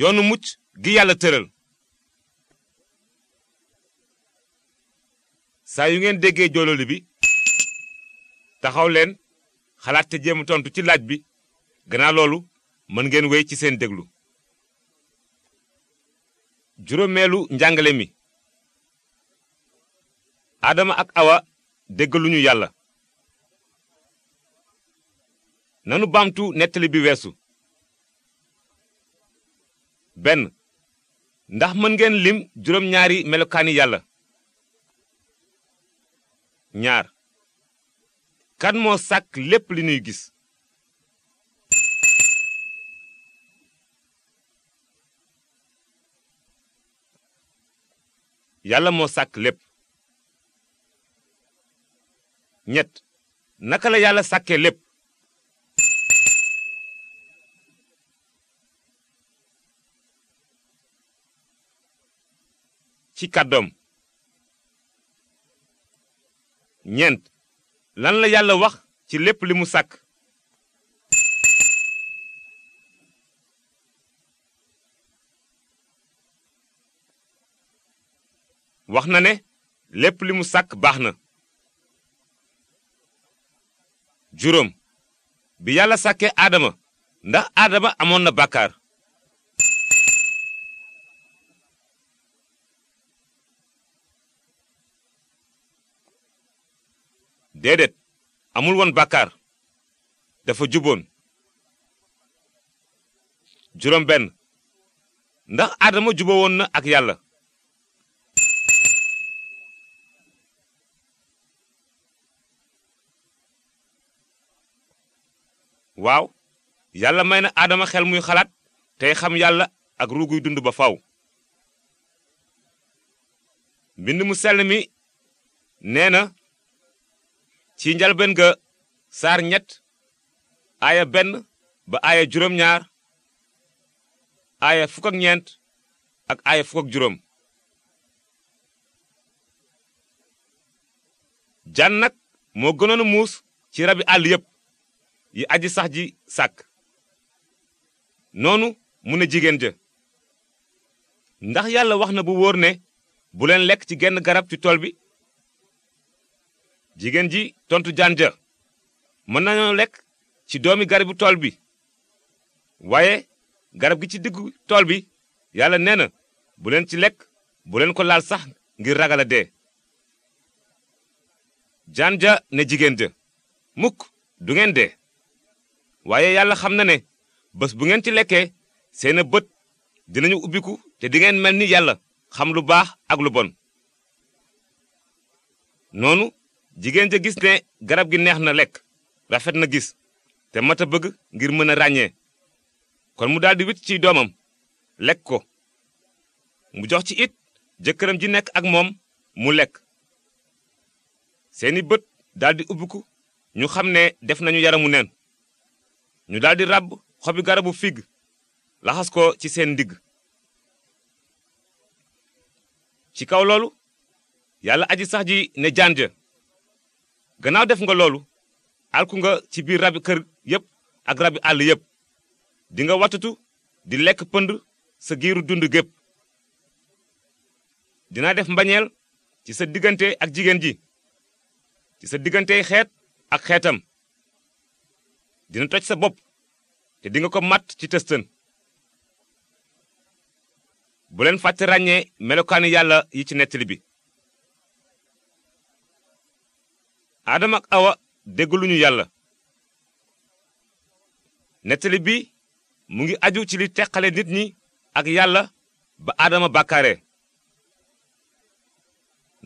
yoonu mucc gi yàlla tëral saa yu ngeen déggee joololi bi taxaw leen xalaat te jéem tontu ci laaj bi gannaaw loolu mën ngeen wéy ci seen déglu juróomeelu njàngale mi aadama ak awa déggaluñu yàlla nanu baamtu nettali bi weesu benn ndax mën ngeen lim juróom-ñaari melokaani yàlla ñaar kan moo sàkk lépp li nuy gis yàlla moo sàkk lépp ñett naka la yàlla sàkkee lépp ci kàddoom ñeent lan la yàlla wax ci lépp li mu sàkk wax na ne lépp li mu sàkk baax na juróom bi yàlla sàkkee aadama ndax aadama amoon na bàkkaar déedéet amul woon bàkkaar dafa juboon juróom benn ndax aadama juboo woon na ak yàlla waaw yàlla may na aadama xel muy xalaat tey xam yàlla ak ruuguy dund ba faw mbind mu sell mi nee na ci njalben ga saar ñett aaya benn ba aaya juróom ñaar aaya ak ñeent aaya ak juróom jan nag moo gënoon muus ci rabi àll yépp yi aji sax ji sàkk noonu mën ne jigéen ja ndax yàlla wax na bu wóor ne bu leen lekk ci genn garab ci tool bi jigéen ji tontu jaan ja mën nañoo lekk ci doomi garabu tool bi waaye garab gi ci diggu tool bi yàlla nee na bu leen ci lekk bu leen ko laal sax ngir ragal a dee jaan ja ne jigéen ja mukk du ngeen dee waaye yàlla xam na ne bés bu ngeen ci lekkee seena bët dinañu ubbiku te dingeen mel ni yàlla xam lu baax ak lu bon noonu jigéen ja gis ne garab gi neex na lekk rafet na gis te mat a bëgg ngir mën a ràññee kon mu daldi wit ci doomam lekk ko mu jox ci it jëkkëram ji nekk ak moom mu lekk seeni bët daldi ubbiku ñu xam ne def nañu yaramu neen ñu daldi ràbb xobi garabu fig laxas ko ci seen ndigg ci kaw loolu yàlla aji sax ji ne jaan ja ganaaw def nga loolu alku nga ci biir rabi kër yépp ak rabi àll yépp dinga nga wattutu di lekk pënd sa giiru dund gépp dinaa def mbañeel ci sa diggante ak jigéen ji ci sa diggantey xeet ak xeetam dina toj sa bopp te di nga ko mat ci tëstën bu leen fàtte ràññee melokaani yàlla yi ci nettali bi aadama ak awa déggaluñu yàlla nettali bi mu ngi aju ci li teqale nit ñi ak yàlla ba aadama bàkkaare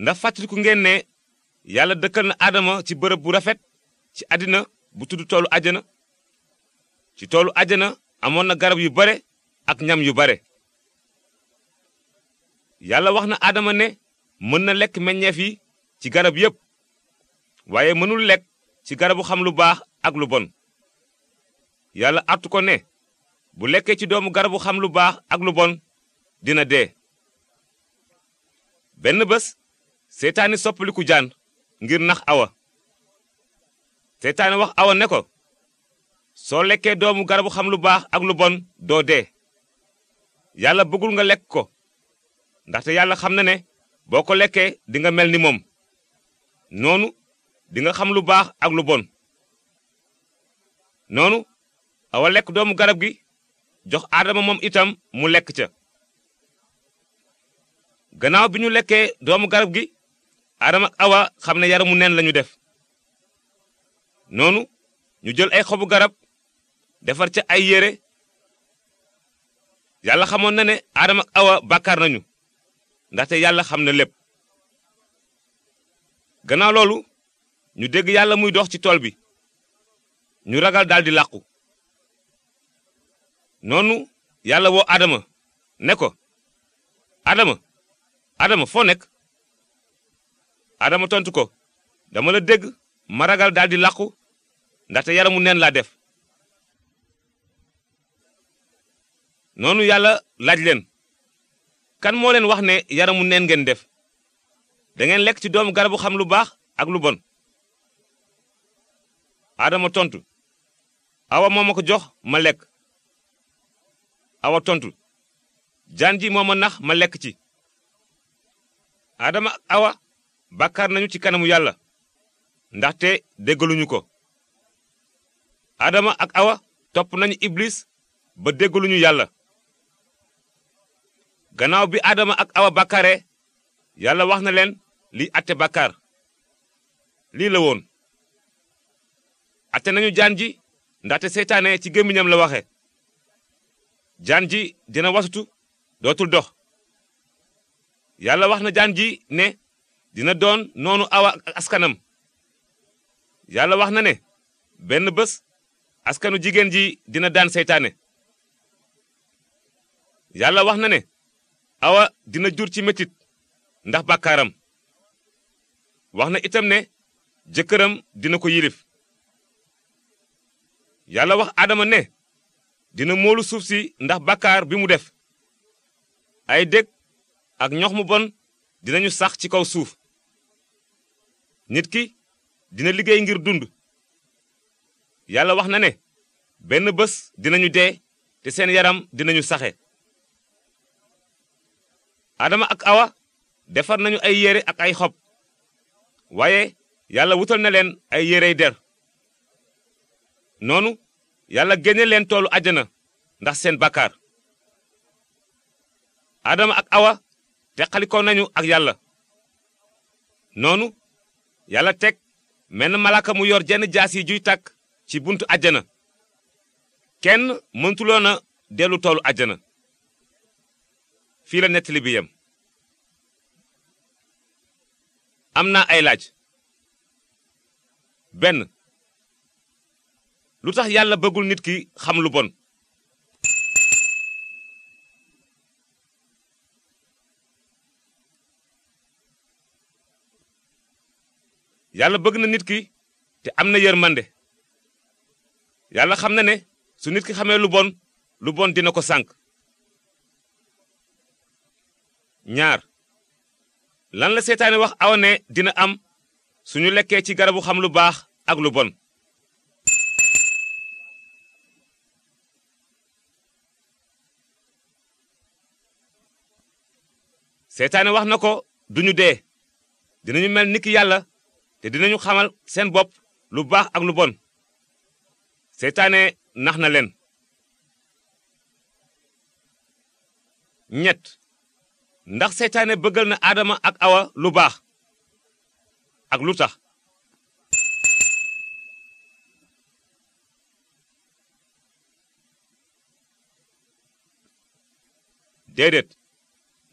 ndax fàttaliku ngeen ne yàlla dëkkal na aadama ci bërëb bu rafet ci àddina bu tudd toolu ajana ci toolu ajana amoon na garab yu bare ak ñam yu bare yàlla wax na aadama ne mën na lekk meññeef yi ci garab yépp waaye mënul lekk ci garabu xam lu baax ak lu bon yàlla artu ko ne bu lekkee ci doomu garabu xam lu baax ak lu bon dina dee benn bés seytaane soppaliku jaan ngir nax awa seytaane wax awa ne ko soo lekkee doomu garabu xam lu baax ak lu bon doo dee yàlla bëggul nga lekk ko ndaxte yàlla xam na ne boo ko lekkee dinga mel ni moom noonu di nga xam lu baax ak lu bon noonu awa lekk doomu garab gi jox aadama moom itam mu lekk ca gannaaw bi ñu lekkee doomu garab gi aadama ak awa xam ne yaramu neen lañu def noonu ñu jël ay xobu garab defar ca ay yére yàlla xamoon na ne aadama ak awa bàkkaar nañu ndaxte yàlla xam na lépp gannaaw loolu ñu dégg yàlla muy dox ci tool bi ñu ragal daldi làqu noonu yàlla woo adama ne ko adama adama foo nekk adama tontu ko dama la dégg ma ragal daldi làqu ndaxte yaramu neen laa def noonu yàlla laaj leen kan moo leen wax ne yaramu neen ngeen def dangeen lekk ci doomu garabu xam lu baax ak lu bon Adama tontu awa moo ma ko jox ma lekk awa tontu jaan ji moo ma nax ma lekk ci Adama ak awa bàkkaar nañu ci kanamu yàlla ndaxte déggaluñu ko Adama ak awa topp nañu iblis ba déggaluñu yàlla gannaaw bi Adama ak awa bàkkaare yàlla wax na leen liy àtte bàkkaar lii la woon atte nañu jaan ji ndaxte seytaane ci gémmiñam la waxe jaan ji dina wasutu dootul dox yàlla wax na jaan ji ne dina doon noonu awa ak askanam yàlla wax na ne benn bés askanu jigéen ji dina daan seytaane yàlla wax na ne awa dina jur ci metit ndax bàkkaaram wax na itam ne jëkkëram dina ko yilif yàlla wax aadama ne dina moolu suuf si ndax bàkkaar bi mu def ay dég ak ñox mu bon dinañu sax ci kaw suuf nit ki dina liggéey ngir dund yàlla wax na ne benn bés dinañu dee te seen yaram dinañu saxe adama ak awa defar nañu ay yére ak ay xob waaye yàlla wutal na leen ay yérey der noonu yàlla génne leen toolu àjjana ndax seen bàkkaar aadama ak awa teqalikoo nañu ak yàlla noonu yàlla teg menn malaaka mu yor jenn jaas juy tàkk ci buntu àjjana kenn mëntuloon a dellu toolu àjjana fii la nettali bi yem am na ay laaj benn lu tax yàlla bëggul nit ki xam lu bon yàlla bëgg na nit ki te am na yërmande yàlla xam na ne su nit ki xamee lu bon lu bon dina ko sànk ñaar lan la seetaane wax awa ne dina am suñu lekkee ci garabu xam lu baax ak lu bon seytaane wax na ko du ñu dee dinañu mel ni yàlla te dinañu xamal seen bopp lu baax ak lu bon seytaane nax na leen ñett ndax seytaane bëggal na aadama ak awa lu baax ak lu tax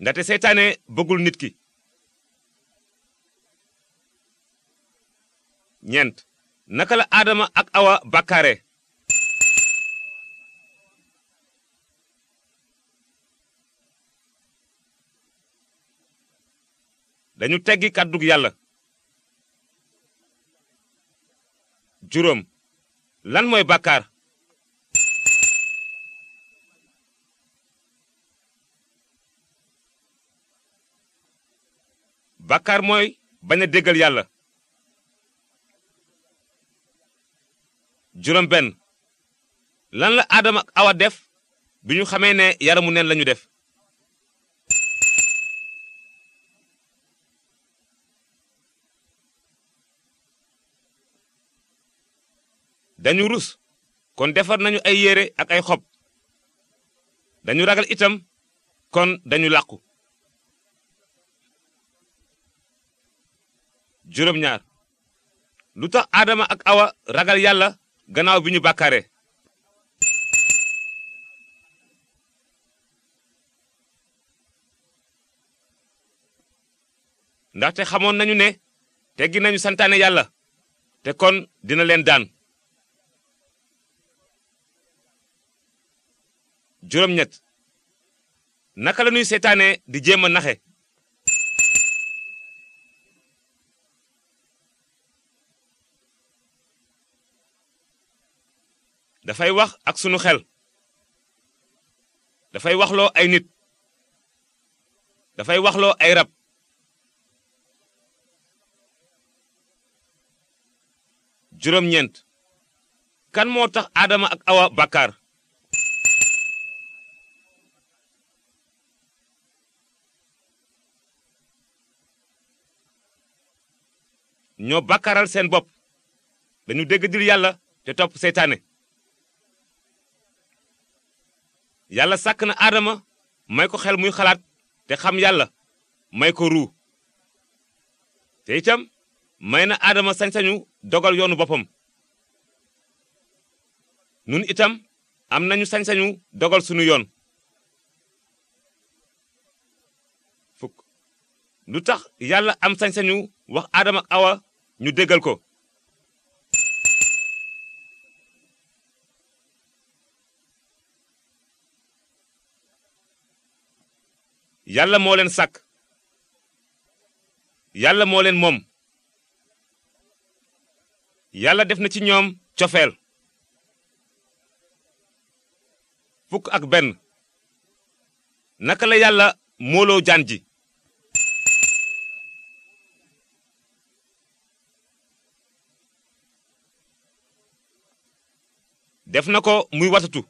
ndaxte seytaane bëggul nit ki ñeent naka la aadama ak awa bàkkaare dañu teggi kàddug yàlla juróom lan mooy bàkkaar bakar mooy bañ a déggal yàlla juróom lan la aadama ak awa def bi ñu xamee ne yaramu neen lañu def dañu rus kon defar nañu ay yére ak ay xob dañu ragal itam kon dañu làqu juróom lu tax aadama ak awa ragal yàlla gannaaw bi ñu bàkkaare ndaxte xamoon nañu ne te nañu santaane yàlla te kon dina leen daan juróom-ñett naka la ñuy seetaane di jéem a naxe dafay wax ak sunu xel dafay waxloo ay nit dafay waxloo ay rab juróom kan moo tax aadama ak awa bàkkaar ñoo bàkkaaral seen bopp dañu dégg dil yàlla te topp seytaane yàlla sàkk na aadama may ko xel muy xalaat te xam yàlla may ko ruu te itam may na aadama sañsañu dogal yoonu boppam nun itam am nañu sañ-sañu dogal suñu yoon fukk lu tax yàlla am sañsañu wax aadama awa ñu déggal ko yàlla moo leen sàkk yàlla mooleen moom yàlla def na ci ñoom cofeel fukk ak benn naka la yàlla mooloo jaan def na ko muy watatu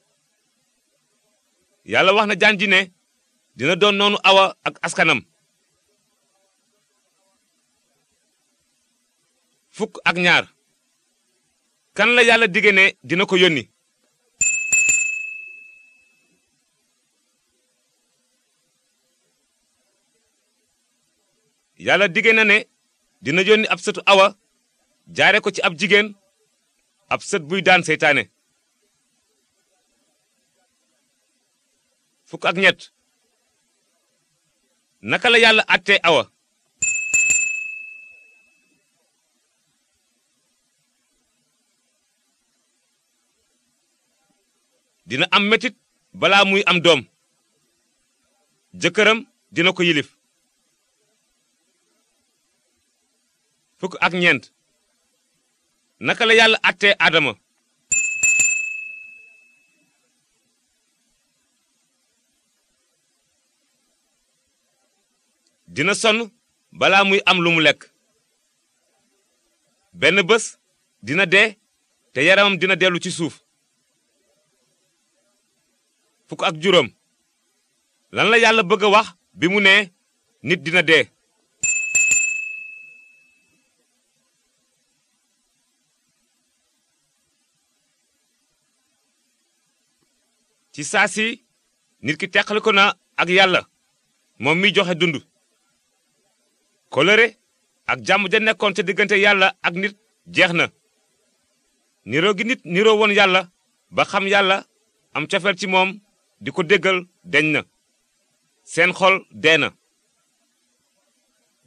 yàlla wax na jaan ne dina doon noonu awa ak askanam fukk ak ñaar kan la yàlla dige dina ko yónni yàlla dige ne dina yónni ab sëtu awa jaare ko ci ab jigéen ab sët buy daan seytaane fukk ak ñett naka la yàlla àttee awa dina am metit balaa muy am doom jëkkëram dina ko yilif fukk ak ñeent naka la yàlla àttee aadama dina sonn balaa muy am lu mu lekk benn bés dina dee te yaramam dina dellu ci suuf fukk ak juróom lan la yàlla bëgg a wax bi mu nee nit dina dee ci saa si nit ki teqali na ak yàlla moom miy joxe dund kóllëre ak jàmm ja nekkoon ca diggante yàlla ak nit jeex na niroo nit niroo woon yàlla ba xam yàlla am cofeel ci moom di ko déggal deñ na seen xol dee na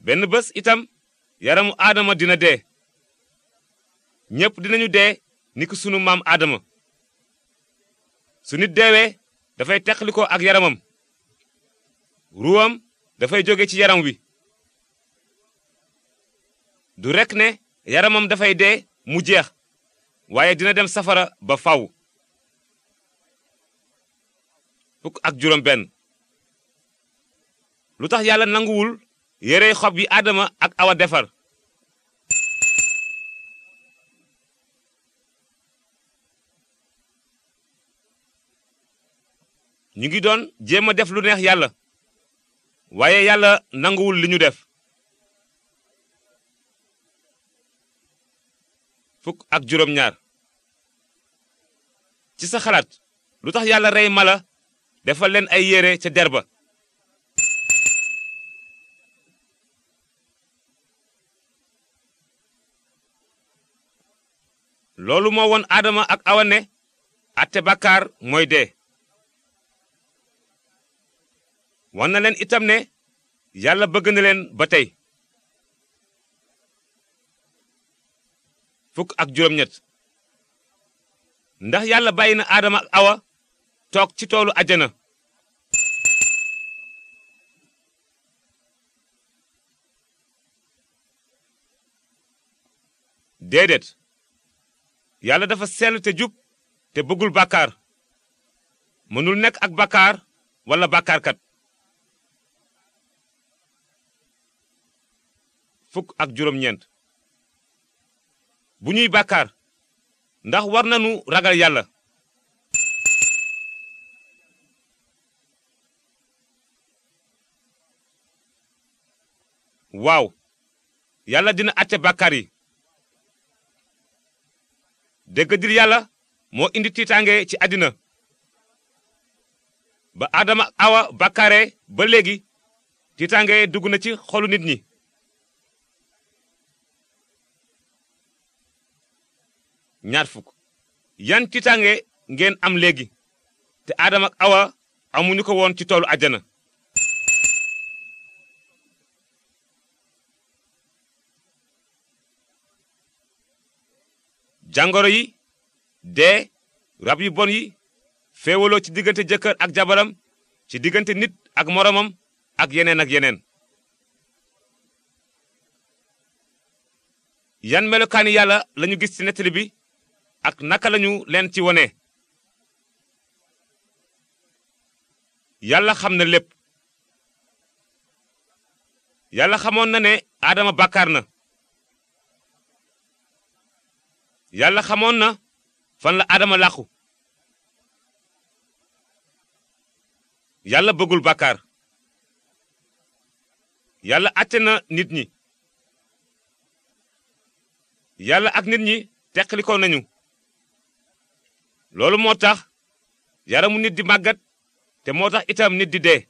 benn bés itam yaramu aadama dina dee ñépp dinañu dee ni ki sunu maam aadama su nit deewee dafay teqli ko ak yaramam ruwam dafay jóge ci yaram wi du rek ne yaramam dafay de mu jeex waaye dina dem safara ba faw fukk ak juróom lu tax yàlla nanguwul yérey xob yi aadama ak awa defar ñu ngi doon jéem a def lu neex yàlla waaye yàlla nanguwul li ñu def fukk ak juróom ci sa xalaat lu tax yàlla rey mala defal leen ay yére ca der ba loolu moo won aadama ak awane ne atte bàkkaar mooy de wan na leen itam ne yàlla bëgg na leen ba tey fukk ak juróom-ñett ndax yàlla bàyyi na aadama ak awa toog ci toolu ajana déedéet yàlla dafa sell te jub te bëggul bàkkaar mënul nekk ak bàkkaar wala bàkkaarkat fukk ak juróom-ñeent bu ñuy bàkkaar ndax war nañu ragal yàlla waaw yàlla dina àtte bàkkaar yi déggadir yàlla moo indi tiitaange ci àddina ba aadama awa bàkkaaree ba léegi tiitaange dugg na ci xolu nit ñi ñaar fukk yan tiitaange ngeen am léegi te aadama awa amuñu ko woon ci toolu àjjana jàngoro yi dee rab yu bon yi féewaloo ci diggante jëkkër ak jabaram ci diggante nit ak moromam ak yeneen ak yeneen yan melokaani yàlla lañu gis ci nettali bi ak naka lañu leen ci wone yàlla xam na lépp yàlla xamoon na ne aadama bàkkaar na yàlla xamoon na fan la aadama làqu yàlla bëggul bàkkaar yàlla àtte na nit ñi yàlla ak nit ñi teqlikoo nañu loolu moo tax yaramu nit di màggat te moo tax itam nit di dee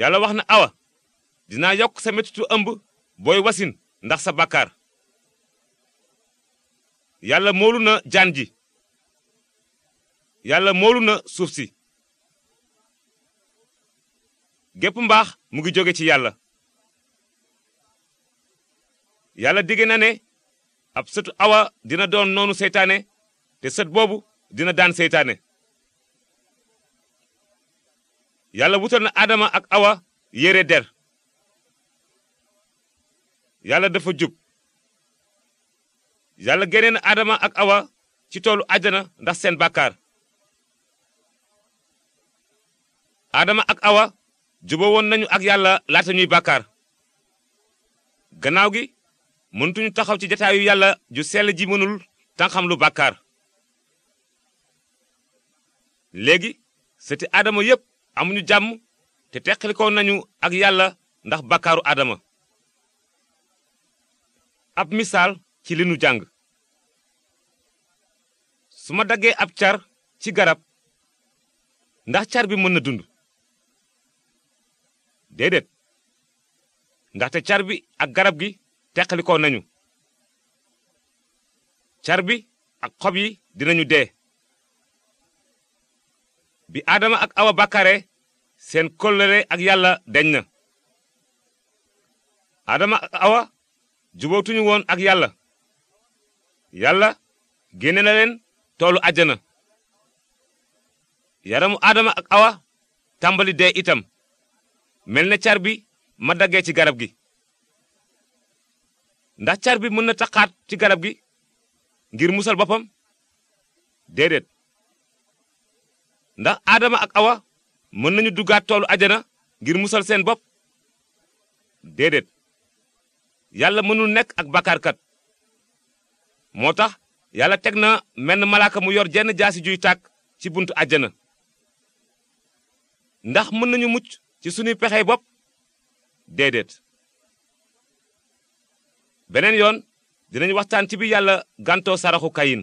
yàlla wax na awa dinaa yokk sa metitu ëmb booy wasin ndax sa bàkkaar yàlla moolu na jaan ji yàlla moolu na suuf si gépp mbaax mu ngi jóge ci yàlla yàlla dige na ne ab sëtu awa dina doon noonu seytaane te sët boobu dina daan seytaane yàlla wutal na adama ak awa yére der yàlla dafa jub yàlla génne na aadama ak awa ci toolu àjjana ndax seen bàkkaar aadama ak awa juboo woon nañu ak yàlla laata ñuy gannaaw gi mëntuñu taxaw ci jataayu yàlla ju seel ji mënul tanxam lu bàkkaar léegi sëti aadama yépp amuñu jàmm te teqalikoo nañu ak yàlla ndax bàkkaaru aadama ab misaal ci li nu jàng su ma daggee ab car ci garab ndax car bi mën na dund déedéet ndaxte car bi ak garab gi teqalikoo nañu car bi ak xob yi dinañu dee bi aadama ak awa bàkkaare seen kóllëre ak yàlla deñ na aadama ak awa jubatuñu woon ak yàlla yàlla génne na leen toolu àjjana yaramu aadama ak awa tàmbali dee itam mel na car bi ma daggee ci garab gi ndax car bi mën na taqaat ci garab gi ngir musal boppam déedéet ndax aadama ak awa mën nañu duggaat toolu ajana ngir musal seen bopp déedéet yàlla mënul nekk ak bàkkaarkat moo tax yàlla teg na mel menn malaaka mu yor jenn jaasi juy tàkk ci buntu ajana ndax mën nañu mucc ci sunuy pexey bopp déedéet beneen yoon dinañ waxtaan ci bi yàlla gàntoo saraxu kayin